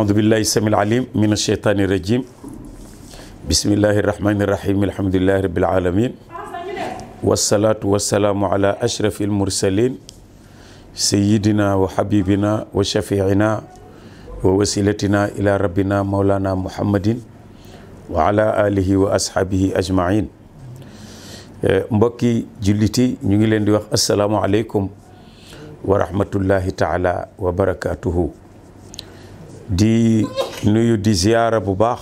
أعوذ بالله السميع العليم من الشيطان الرجيم بسم الله الرحمن الرحيم الحمد لله رب العالمين والصلاة والسلام على أشرف المرسلين سيدنا وحبيبنا وشفيعنا ووسيلتنا إلى ربنا مولانا محمد وعلى آله وأصحابه أجمعين مبكي جلتي ñu ngi السلام عليكم ورحمة الله تعالى وبركاته di nuyu di ziara bu baax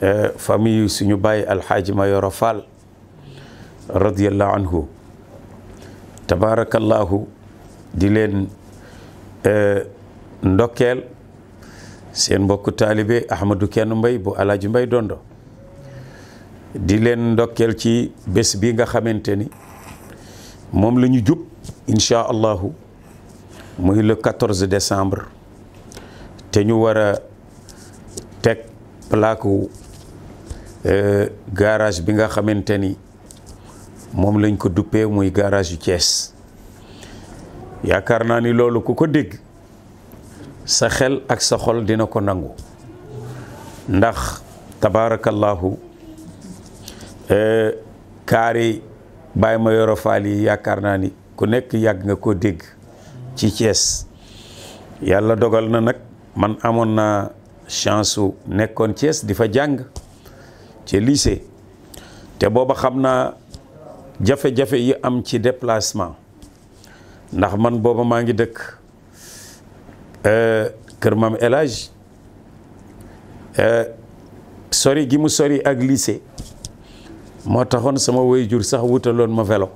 e famille suñu bàyyi alxaaji mayoro fall radiallahu anhu tabaarakallahu di leen e, ndokkeel seen mbokku taalibe ahmadou kenn mbay bu alaaji mbay dondo di leen ndokkeel ci bés bi nga xamante ni moom la ñu jub incha allahu muy le 14 décembre 2023 te ñu wara tek plaque euh garage bi nga xamanteni ni lañ ko duppé muy garage yu ties yaakar na ni loolu ku ko dégg sa xel ak sa xol dina ko nangu ndax euh kari bay ma yoro fali yaakar na ni ku nekk yag nga ko dégg ci ties yalla dogal na nak man amoon naa chance su nekkoon Thiès di fa jàng ci lycée te booba xam naa jafe-jafe yi am ci déplacement ndax man booba maa ngi dëkk euh, kër maam El Hadj euh, sori gi mu sori ak lycée moo taxoon sama waajur sax wutaloon ma velo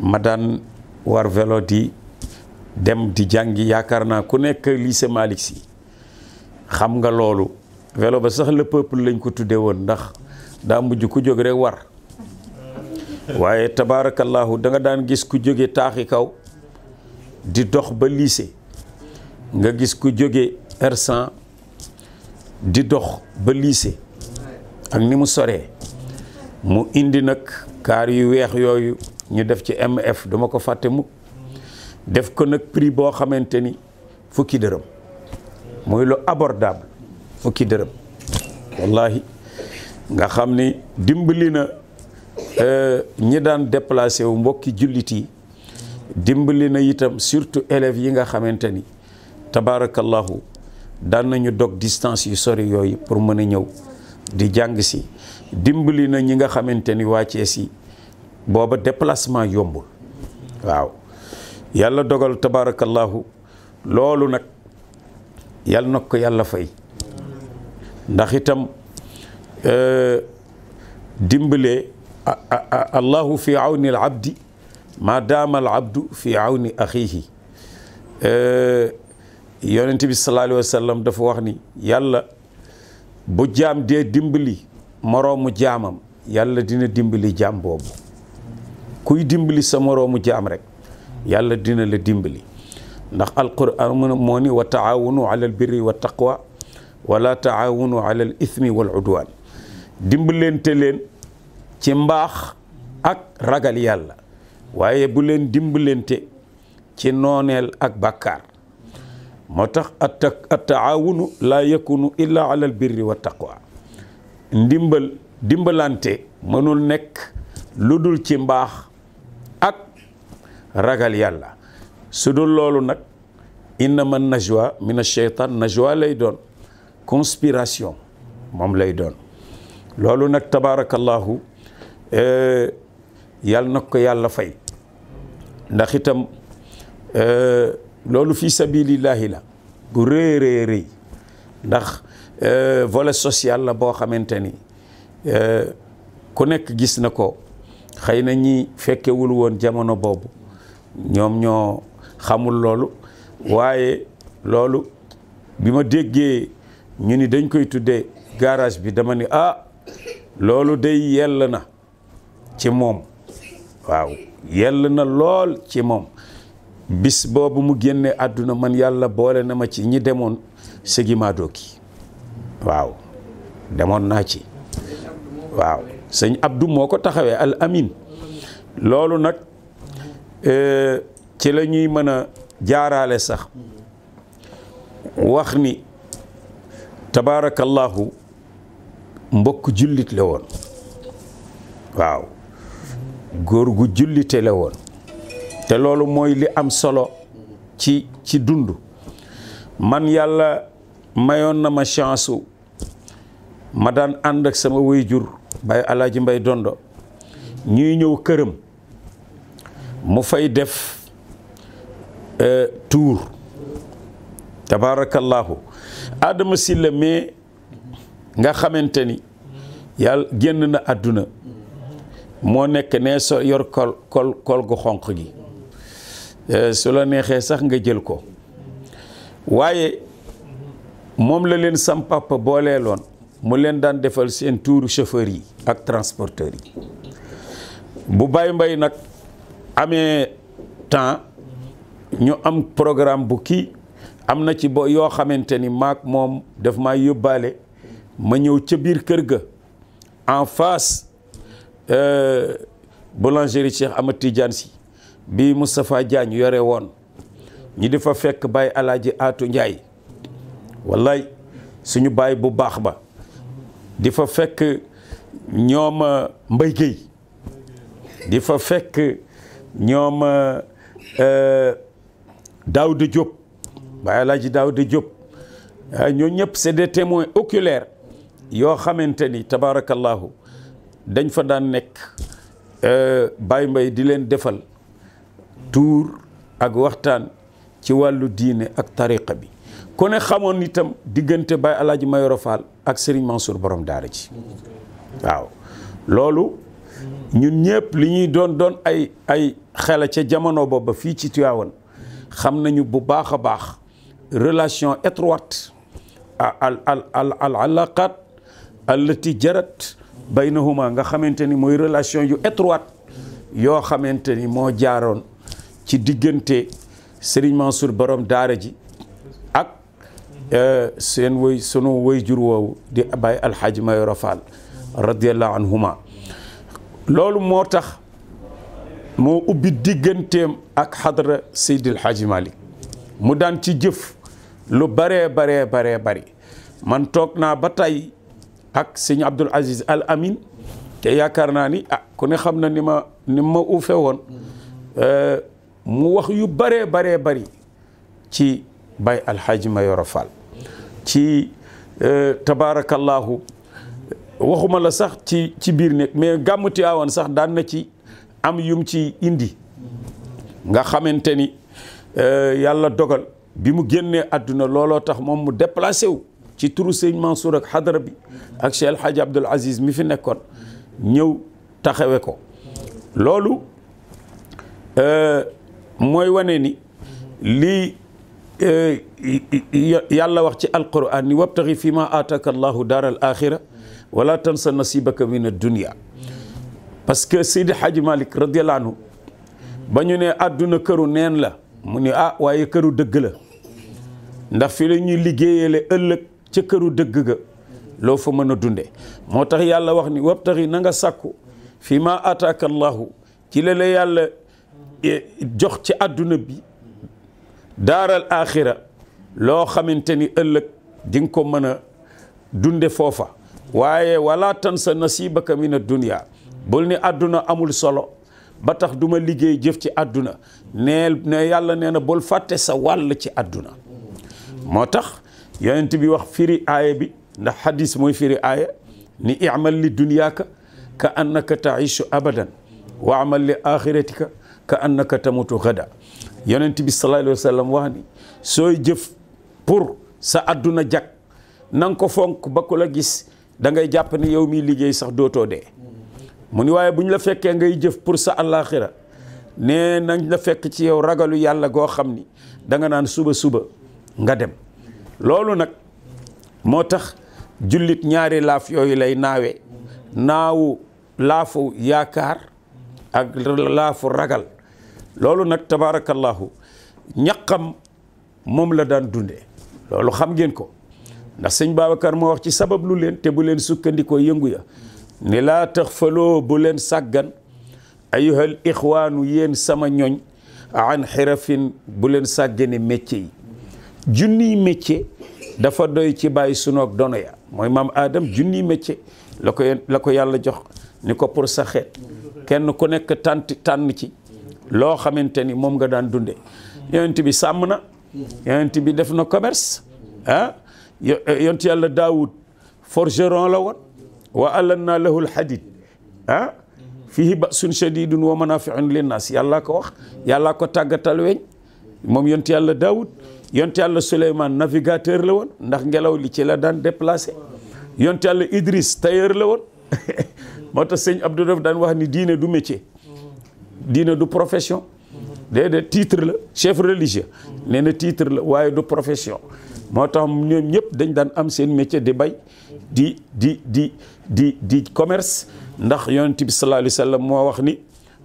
ma daan war velo di dem di jàngi yaakaar naa ku nekk lycée Malick Sy xam nga loolu welo ba sax le peuple lañ ko tuddee woon ndax daa mujj ku jóg rek war waaye tabaarakallaahu danga daan gis ku jóge taaxi kaw di dox ba lycée nga gis ku jóge r di dox ba lycée ak ni mu soree mu indi nag kaar yu weex yooyu ñu def ci MF duma ko fàtte mukk def ko nag prix boo xamante ni fukki dërëm muy lu abordable fukki dërëm wallahi nga xam ni dimbali na euh, ñi daan déplacé wu mbokki jullit yi dimbali na itam surtout élèves yi nga xamante ni tabaarakallahu daan nañu dog distance yu sori yooyu pour mën a ñëw di jàng si dimbali na ñi nga xamante ni waa Cees yi booba déplacement yombul waaw yàlla dogal tabaarakallaahu loolu nag yàlla na ko yàlla fay ndax itam euh, dimbale allahu fi awni al abdi ma daama al abdu fi awni axiihi euh, yonent bi sallallahu alayhi dafa wax ni yàlla bu jaam dee dimbali moroomu jaamam yàlla dina dimbali jaam boobu kuy dimbali sa moroomu jaam rek yàlla dina la dimbali ndax alquran moo ni wa taawunu al birri wa taqwa wala taawunu ala al ithmi wal udwan dimbalante leen ci mbaax ak ragal yàlla waaye bu leen dimbalante ci nooneel ak bakkar moo tax at taawunu laa yakunu illa al birri wa taqwa ndimbal dimbalante mënul nekk lu dul ci mbaax ragal yàlla sudul loolu nag inna innama najwa mina sheytaan najwa lay doon conspiration moom lay doon loolu nag tabaarakallahu eh, yàlla na ko yàlla fay ndax itam eh, loolu fi sabilillahi la bu rëy rëy rëy ndax eh, volet social la boo xamante ni ku nekk gis na ko xëy na ñi fekkewul woon jamono boobu ñoom ñoo xamul loolu waaye loolu bi ma déggee ñu ni dañ koy tuddee garage bi dama ni ah loolu day yell na ci moom waaw yell na lool ci moom bis boobu mu génne àdduna man yàlla boole na ma ci ñi demoon Ségimadoo ki waaw demoon naa ci waaw sëñ Abdou moo ko taxawee al amin loolu nag ci la ñuy mën a jaaraale sax wax ni tabaarakallahu mbokk jullit la woon waaw góor gu jullite la woon te loolu mooy li am solo ci ci dund man yàlla mayoon na ma chance ma daan ànd ak sama wayjur bay alaaji mbay dondo ñuy ñëw këram mu fay def euh, tuur tabaarakallaahu Adama Sylla mais nga xamante ni yàlla génn na àdduna moo nekk ne so yor kol kol kol gu xonq gi euh, su la neexee sax nga jël ko waaye moom la leen sam papa booleeloon mu leen daan defal seen tuuru chauffeur yi ak transporteur yi bu Baye Mbaye nag amee temps ñu am programme bu kii am na ci bo yoo xamante ni maak moom daf maa yóbbaale ma ñëw ca biir kër ga en face euh, boulangerie Cheikh Ahmad Tidiane Sy bi Moustapha Diagne yore woon ñi di fa fekk Baye Alaaji Aatu Njaay wallaay suñu baay bu baax ba di fa fekk ñoom euh, Mbay Géy di fa fekk ñoom euh, euh, daaw Diop Baye El Hadji Daouda Diop ah, ñoo ñëpp c'est des témoins oculaires yoo xamante ni tabaarakallaahu dañ fa daan nekk euh, Baye mbay di leen defal tuur ak waxtaan ci wàllu diine ak tariqa bi ku ne xamoon itam diggante Baye El Hadji Mayoro Fall ak Serigne Mansour borom daara ji waaw loolu ñun ñëpp li ñuy doon doon ay ay xela ca jamono booba fii ci Tivaouane xam nañu bu baax a baax relation étroite al al al al alaqat allati jarat baynahuma nga xamante ni mooy relation yu étroite yoo xamante ni moo jaaroon ci diggante Serigne Mansour boroom daara ji ak euh, seen woy sunu woy jur woowu di Baye Alhaji Mayoro Fall radiallahu anhuma loolu moo tax moo ubbi digganteem ak xadra Seydil Hadji Malick mu daan ci jëf lu baree baree baree bari man toog naa ba tey ak sëñ Abdul Aziz Al Amin te yaakaar naa ni ah ku ne xam na ni ma ni ma uufe woon eh, mu wax yu baree baree bari ci bay alxaaji Mayoro Fall ci eh, tabaarakallahu waxuma la sax ci ci bir nek mais gamuti awon sax dan na ci am yum ci indi nga xamanteni euh yàlla dogal bi mu génnee àdduna looloo tax mom mu déplacer wu ci turu seigne Mansour ak hadra bi ak Cheikh El Hadj Abdoul Aziz mi fi nekkon ñëw taxawe ko euh moy wane ni lii yàlla wax ci alquran ni wabtaxi fi ma ataka allahu daara al axira ولا تنسى نصيبك من الدنيا باسكو سيد حاج مالك رضي الله عنه باني ني كرو نين لا موني اه واي كرو دغ لا ندا في لي ني ليغييل ايلك لو فا مانا دوندي موتاخ يالا واخني وابتغي نغا فيما اتاك الله تي لا يالا جوخ تي بي دار الاخره لو خامتني ايلك دينكو مانا دوندي فوفا waye wala tan sa nasibaka min ad-dunya bulni aduna amul solo ba tax duma liggey jëf ci aduna neel ne yàlla neena bul fàtte sa wal ci aduna motax tax bi wax firi aya bi ndax hadith moy firi aya ni i'mal li dunyaka ka annaka ta'ish abadan wa amal li akhiratika ka annaka tamutu gada yonent bi sallallahu alayhi wasallam wax ni soy jëf pour sa aduna jak nang ko fonk ba la gis da ngay jàpp ni yow miy liggéey sax dootoo de mu ni waaye bu ñu la fekkee ngay jëf pour sa àllaaxira nee nañ la fekk ci yow ragalu yàlla goo xam ni danga naan suba suba nga dem loolu nag moo tax jullit ñaari laaf yooyu lay naawe naawu laafu yaakaar ak laafu ragal loolu nag tabaarakallaahu ñaqam moom la daan dunde loolu xam ngeen ko ndax sëñ Babacar moo wax ci sabab lu leen te bu leen sukkandikoo yëngu ya ni laa tax faloo bu leen sàggan ayuhal ixwaanu yéen sama ñoñ an xirafin bu leen sàggane métier yi junniy métier dafa doy ci bàyyi sunoog dono ya mooy maam Adam junniy métier la ko la ko yàlla jox ni ko pour sa xeet kenn ku nekk tànn tànn ci loo xamante ni moom nga daan dunde yonent bi sàmm na yonent bi def na commerce ah يونت يالا داوود فورجيرون لا وون والنا له الحديد ها فيه باس شديد ومنافع للناس يالا كو واخ يالا كو تاغاتال وين موم يونت يالا داوود يونت يالا سليمان نافيغاتور لا وون ناخ نغلاو لي سي لا دان ديبلاسي يونت يالا ادريس تاير لا وون موتا سيغ عبد الرب دان واخ ني دينه دو ميتي دين دو بروفيسيون دي دي تيتر لا شيف ريليجيو نينا تيتر لا واي دو بروفيسيون moo tax ñoom ñëpp dañ daan am seen métier di bay di di di di di commerce ndax yonent bi sallallahu alayhi moo wax ni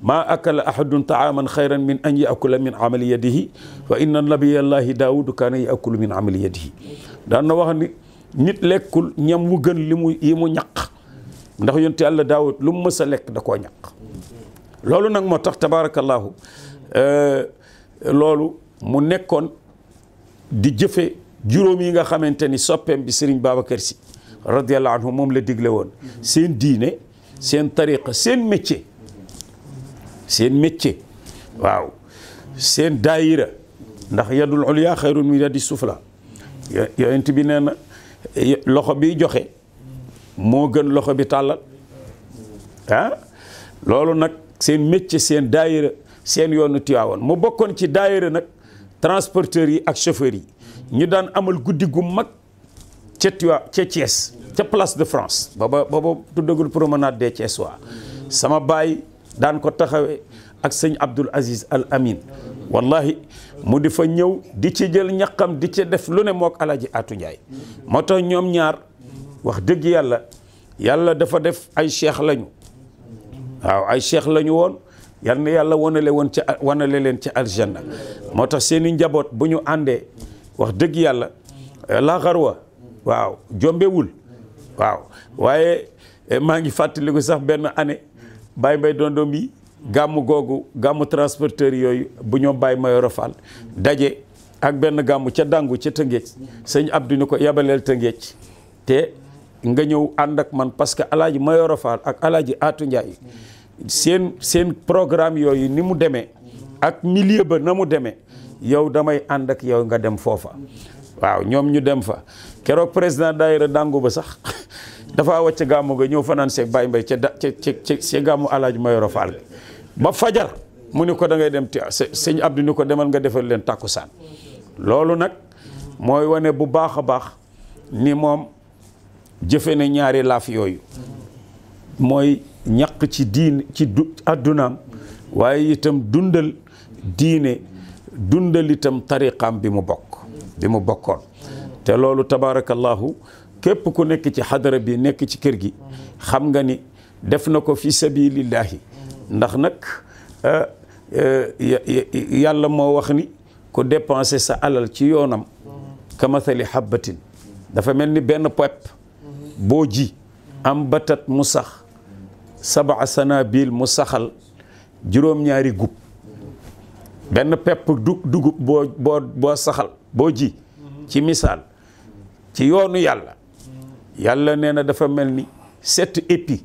maa akala ahadun taaman xayran min an yaakula min amali yadihi wa inna nabiyallahi daawudu kaana yaakulu min amali yadihi daan na wax ni nit lekkul ñam wu gën li mu yi mu ñaq ndax yonent yàlla daawud lu mu mës a lekk da koo ñaq loolu nag moo tax tabaarakallaahu euh, loolu mu nekkoon di jëfe juróom yi nga xamanteni ni bi Serigne Babacar Sy radiyallahu anhu mom la digle won sen diine sen tariqa sen métier sen métier waaw sen daïra ndax yadul ulya khairun min yadis sufla yonent bi néna loxo bi joxe mo gën loxo bi talal ha lolu nak sen métier sen daïra sen yoonu Tiwaawoon mu bokkon ci daïra nak transporteur yi ak chauffeur yi ñu daan amal guddi gu mag ca Tua ca Thiès ca place de France ba ba booba booba tuddagul promenade des Thiès waa sama baay daan ko taxawee ak sëñ Abdoul Aziz Al Amin wallahi mu di fa ñëw di ci jël ñaqam di ci def lu ne mook Alaaji Atu Njaay moo tax ñoom ñaar wax dëgg yàlla yàlla dafa def ay cheikh lañu waaw ay cheikh lañu woon yal na yàlla wanale woon ca wanale leen ca aljanna moo tax seeni njaboot bu ñu àndee wax dëgg yàlla la xarwa waaw jombewul waaw waaye eh, maa ngi fàttaliku sax benn année Baye Mbaye Dondoom yi gàmmu googu gàmmu transporteur yooyu bu ñoom bay Mayoro Fall daje ak benn gàmmu ca dàngu ca Tëngéej sëñ Abdu ni ko yabaleel Tëngéej te nga ñëw ànd ak man parce que alaaji Mayoro ak alaaji Aatu Njaay seen seen programme yooyu ni mu demee ak milieu ba na mu demee yow damay ànd ak yow nga dem foofa waaw ñoom ñu dem fa keroog président daayira dàngu ba sax dafa wàcc gàmmu ga ñëw fanaan seeg baay mbay ca da ca ca ca gàmmu alaaj Mayoro Fall ba fajar mu ni ko da ngay dem ti sëñ Abdou ni ko demal nga defal leen tàkkusaan loolu nag mooy wane bu baax a baax ni moom jëfe ne ñaari laaf yooyu mooy ñaq ci diin ci du àddunaam waaye itam dundal diine dundalitam itam tariqaam bi mu bokk bi mu bokkoon te loolu tabaarakallaahu képp ku nekk ci xadara bi nekk ci kër gi xam nga ni def na ko fi sabilillahi ndax nag eh, eh, yàlla moo wax ni ku dépenser sa alal ci yoonam kamathali habbatin dafa mel ni benn pepp boo ji am batat mu sax sabaa sanabil mu saxal juróom-ñaari gub benn pepp du dugub boo saxal boo ji ci misaal ci yoonu yàlla yàlla nee na dafa mel ni sept épis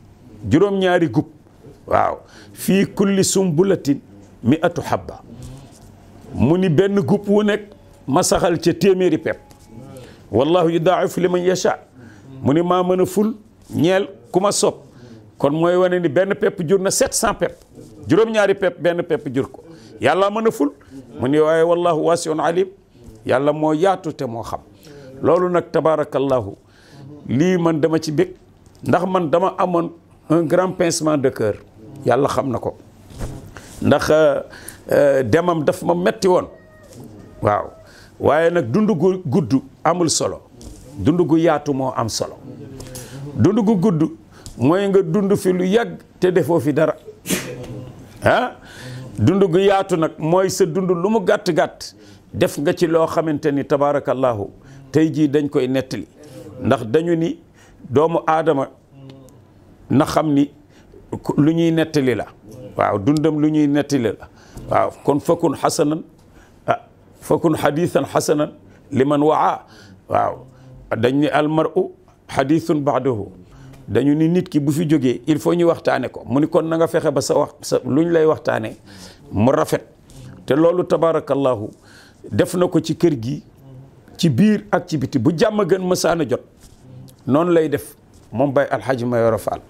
juróom-ñaari gub waaw fii kulli sumbulatin mi atu habba mu ni benn gub wu nekk ma saxal ca téeméeri pepp wallahu yudaa'ifu liman yasha mu ni maa mën a ful ñeel ku ma kon mooy wane ni benn pepp jur na sept cent pepp juróom-ñaari pepp benn pepp jur ko yàlla ma a ful mu ne waaye wallahu waasiun alim yàlla moo yaatu te moo xam loolu nag tabaarakallahu lii man dama ci bég ndax man dama amoon un grand pincement de cœur yàlla xam na ko ndax euh, euh, demam daf ma metti woon waaw waaye nag dund gu gudd amul solo dund gu yaatu moo am solo dund gu gudd mooy nga dund fi lu yàgg te defoo fi dara ah dund gu yaatu nag mooy sa dund lu mu gàtt-gàtt def nga ci loo xamante ni tabaarakallaahu tey jii dañ koy nettali ndax dañu ni doomu aadama naxam ni lu ñuy nettali la waaw dundam lu ñuy nettali la waaw kon fakun xasanan ah fakun xadiisan xasanan liman waa waaw dañ ni almaru xadiisun baadahu dañu ni nit ki bu fi jógee il faut ñu waxtaane ko mu ni kon nanga fexe ba sa wax sa lu ñu lay waxtaane mu rafet te loolu tabaarakallaahu def na ko ci kër gi ci biir ak ci biti bu jàmm gën mësaana jot noonu lay def moom Baye Alhaji Mayoro Fall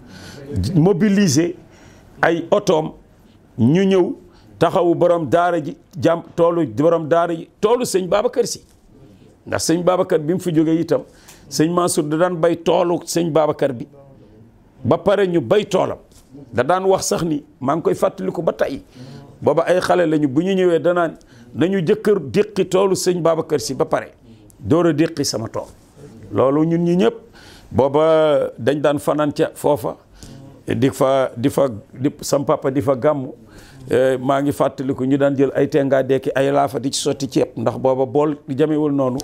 mobiliser ay otom ñu ñëw taxawu borom daara ji jàmm toolu borom daara ji toolu sëñ Babacar si ndax sëñ Babacar bi mu fi jógee itam sëñ Mansour da daan bay toolu sëñ Babacar bi ba pare ñu bay toolam da daan wax sax ni maa ngi koy fàttaliku ba tey booba ay xale lañu bu ñu ñëwee danaa nañu jëkkër déqi toolu sëñ kër si ba pare door a sama tool loolu ñun ñi ñëpp booba dañ daan fanaan ca foofa di fa di fa di sam papa di fa gàmm eh, maa ngi fàttaliku ñu daan jël ay tengaa dekki ay laafa di ci sotti ceeb ndax booba bool jamewul noonu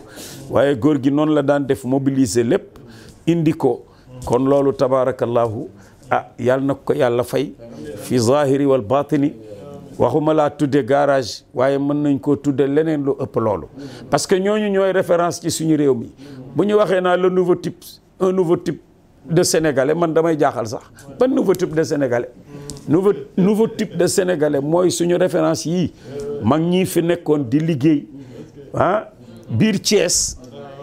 waaye góor gi noonu la daan def mobiliser lépp indi ko kon loolu tabarakallahu ah yàlla na ko yàlla fay fi zahiri wal batini waxuma laa tudde garage waaye mën nañ koo tudde leneen lu ëpp loolu parce que ñooñu ñooy référence ci suñu réew mi bu ñu waxee naa le nouveau type un nouveau type de sénégalais man damay jaaxal sax ban nouveau type de sénégalais nouveau nouveau type de sénégalais mooy suñu référence yii mag ñii fi nekkoon di liggéey ah biir Thiès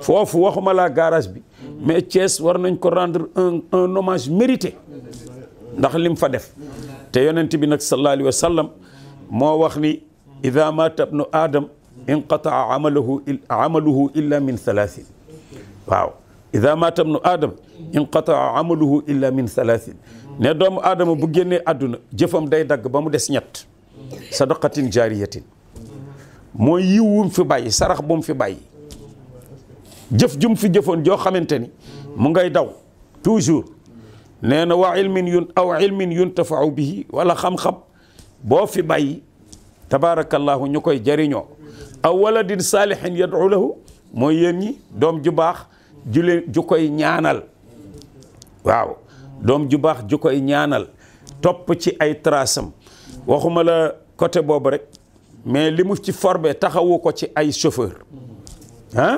foofu waxuma laa garage bi mais Thiès war nañ ko rendre un un hommage mérité ndax lim fa def te yonent bi nak sallallahu alayhi wa sallam moo wax ni idha mat ibn adam inqataa amaluhu amaluhu illa min thalathin waaw idha mat ibn adam inqataa amaluhu illa min thalathin ne doomu adam bu génnee aduna jëfam day dag ba mu dess ñett sadaqatin jariyatin moy yiwum fi bàyyi sarax bu fi bàyyi jëf jum fi jëfoon joo xamante ni mu ngay daw toujours nee na wa ilmin yun aw ilmin yuntafau bihi wala xam-xam boo fi bàyyi tabaarakallahu ñu koy jariñoo aw waladin saalihin yad'u lahu mooy yéen ñi doom ju baax ju ju koy ñaanal waaw doom ju baax ju koy ñaanal topp ci ay trasam waxumala la côté boobu rek mais li mu ci forbe taxawu ko ci ay chauffeur ah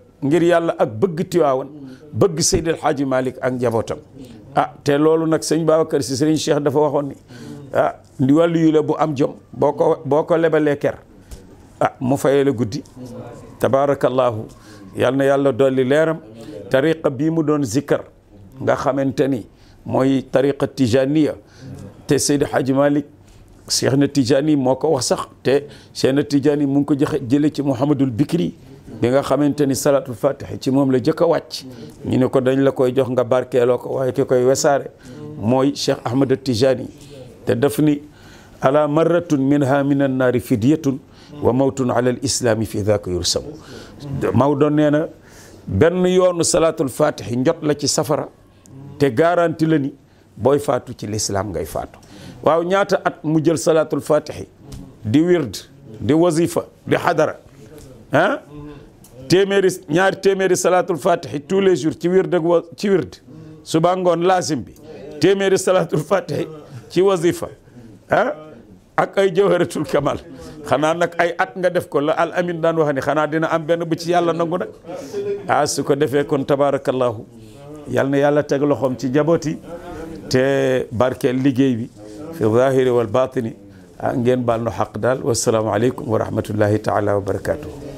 ngir yàlla ak bëgg tiwaawon bëgg Seydil Hadji malik ak njabotam ah te loolu nak seigne babakar si sëriñ Cheikh dafa waxon ni ah li walu yu le bu am jom boko boko lebalé ker ah mu fayee guddi tabarakallah yal yàlla doli leram tariqa bi mu don zikr nga xamanteni moy tariqa tijaniya te Seydi Hadji malik Cheikh na Tijani moo wax sax te Cheikh na Tijani mu ngi ko ci Bikri bi nga xamante ni salatul fatiha ci moom la jëkk a wàcc ñu ne ko dañ la koy jox nga barkeeloo ko waaye ki koy wesaare mooy Cheikh Ahmad Tijani te daf ni ala marratun minha min an naari fidyatun wa mawtun ala al islami fi daka nee na benn yoonu salatul fatiha njot la ci safara te garanti la faatu ci lislaam ngay faatu waaw ñaata at mu jël salatul fatihi di wird di wazifa di xadara ah téeméeri ñaari téeméeri salaatul fatihi tous les jours ci wird ak wa ci wird suba ngoon laasim bi téeméeri salaatul fatihi ci wazifa ah ak ay jawharatul kamal xanaa nag ay at nga def ko la alamin daan wax ni xanaa dina am benn bu ci yàlla nangu nag ah su ko defee kon tabarakallahu yal na yàlla teg loxoom ci njaboot yi te barkeel liggéey bi fi zahiri wal batini ah, ngeen baal nu xaq daal wasalaamualeykum wa rahmatullahi taala wa barakaatu.